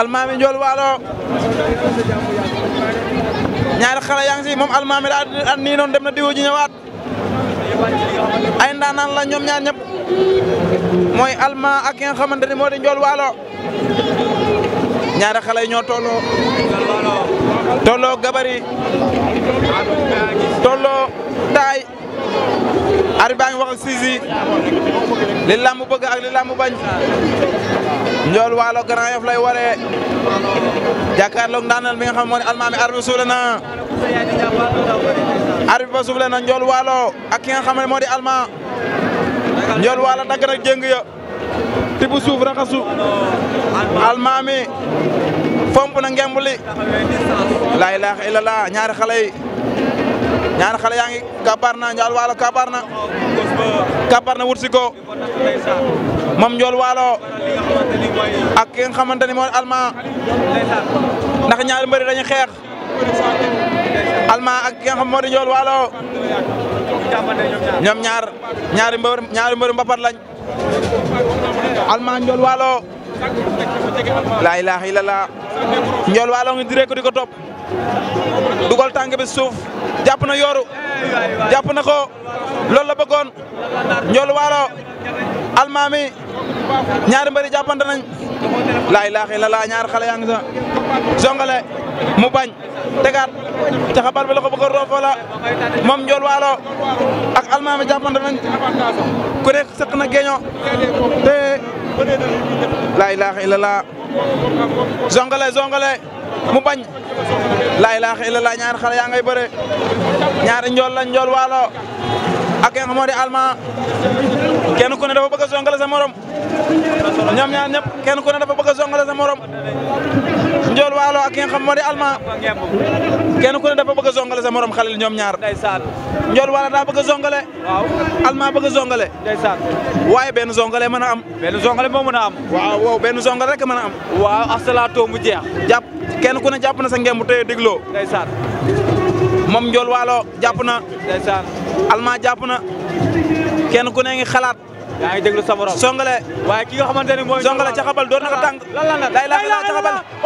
almaami njool waalo ñaari xale yaa ngi si moom almaami da at dem na diwo ji ñëwaat ay ndaanaan la ñoom ñaar ñëpp mooy alma ak ki nga xamante ni moo di njool waalo ñaari xale yi ñoo tolloo tolloo gabari si li làmb bëgg ak li làmb bañ njool waalo Grand Yoff lay waree jàkkaarloog ndaanal mi nga xam moo ne almaami arbi suufle na arbi ba suufle na njool waalo ak ki nga xam ne moo njool waalo dagg na tibu suuf raxasu almaami fomp na ngemb li laa ilaaha ñaari xale ñaari xale yaa ngi kabar na Ndiol Waalo kabar na wut si ko moom Ndiol Waalo ak ki nga xamante ni mooy Alma ndax ñaari mbëri dañuy xeex Alma ak ki nga xam moo Waalo ñoom ñaar ñaari mbër ñaari mbëri mbapat lañ Alma Ndiol Waalo laa ilaaha illallah njool waalo ngi direk ko topp dugal tànk bi suuf jàpp na yooru jàpp na ko loolu la bëggoon njool waalo almaami ñaari mbëri jàppante nañ laa ilaaha illallah ñaar xale yaa ngi sa zongale mu bañ tegaat caxabal bi la ko bëgg a roofoo la njool waalo ak almaami jàppante nañ ku geeño te laa ilaaha illallah zongale zongale mu bañ laa ilaaha illallah ñaari xale yaa ngay bëre ñaari njool la njool waalo ak ki nga xam moo di Allemand kenn ku ne dafa sa morom ñoom ñaar ñëpp kenn ku ne dafa bëgg a songale sa morom Njool Waalo ak ki nga xam moo di Allemand kenn ku ne sa morom xalil ñoom ñaar Njool Waalo daa bëgg a songale Allemand bëgg waaye benn songale mën a am benn songale moo mën a am waaw waaw benn songale mën a am waaw asalaatoo mu jeex jàpp kenn ku ne jàpp na sa ngemb tey dégloo moom Njool Waalo jàpp na Allemand jàpp na kenn ku ne ngi xalaat. yaa ngi déglu sa borom Songale. waaye ki nga xamante ne mooy Songale caxabal door na ko tàng. lan la la la la la